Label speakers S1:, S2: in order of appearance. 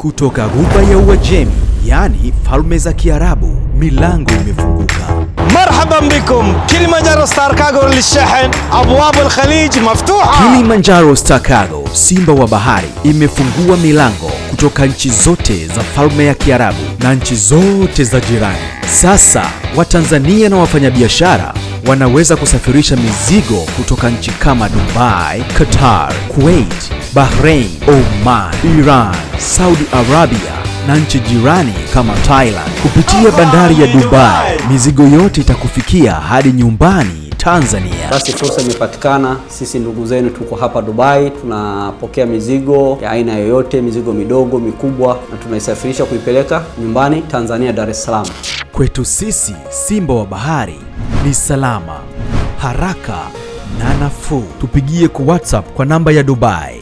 S1: Kutoka ghuba ya Uajemi, yani falme za Kiarabu, milango imefunguka.
S2: Marhaban bikum Kilimanjaro Star Cargo lishahen abwab alkhalij maftuha.
S1: Kilimanjaro Star Cargo, simba wa bahari, imefungua milango kutoka nchi zote za falme ya Kiarabu na nchi zote za jirani. Sasa Watanzania na wafanyabiashara wanaweza kusafirisha mizigo kutoka nchi kama Dubai, Qatar, Kuwait, Bahrain, Oman, Iran, Saudi Arabia na nchi jirani kama Thailand. Kupitia bandari ya Dubai, mizigo yote itakufikia hadi nyumbani Tanzania.
S3: Basi fursa imepatikana, sisi ndugu zenu tuko hapa Dubai, tunapokea mizigo ya aina yoyote, mizigo midogo, mikubwa, na tunaisafirisha kuipeleka nyumbani Tanzania, Dar es Salaam.
S1: Kwetu sisi simba wa bahari ni salama, haraka na nafuu. Tupigie kwa WhatsApp kwa namba ya Dubai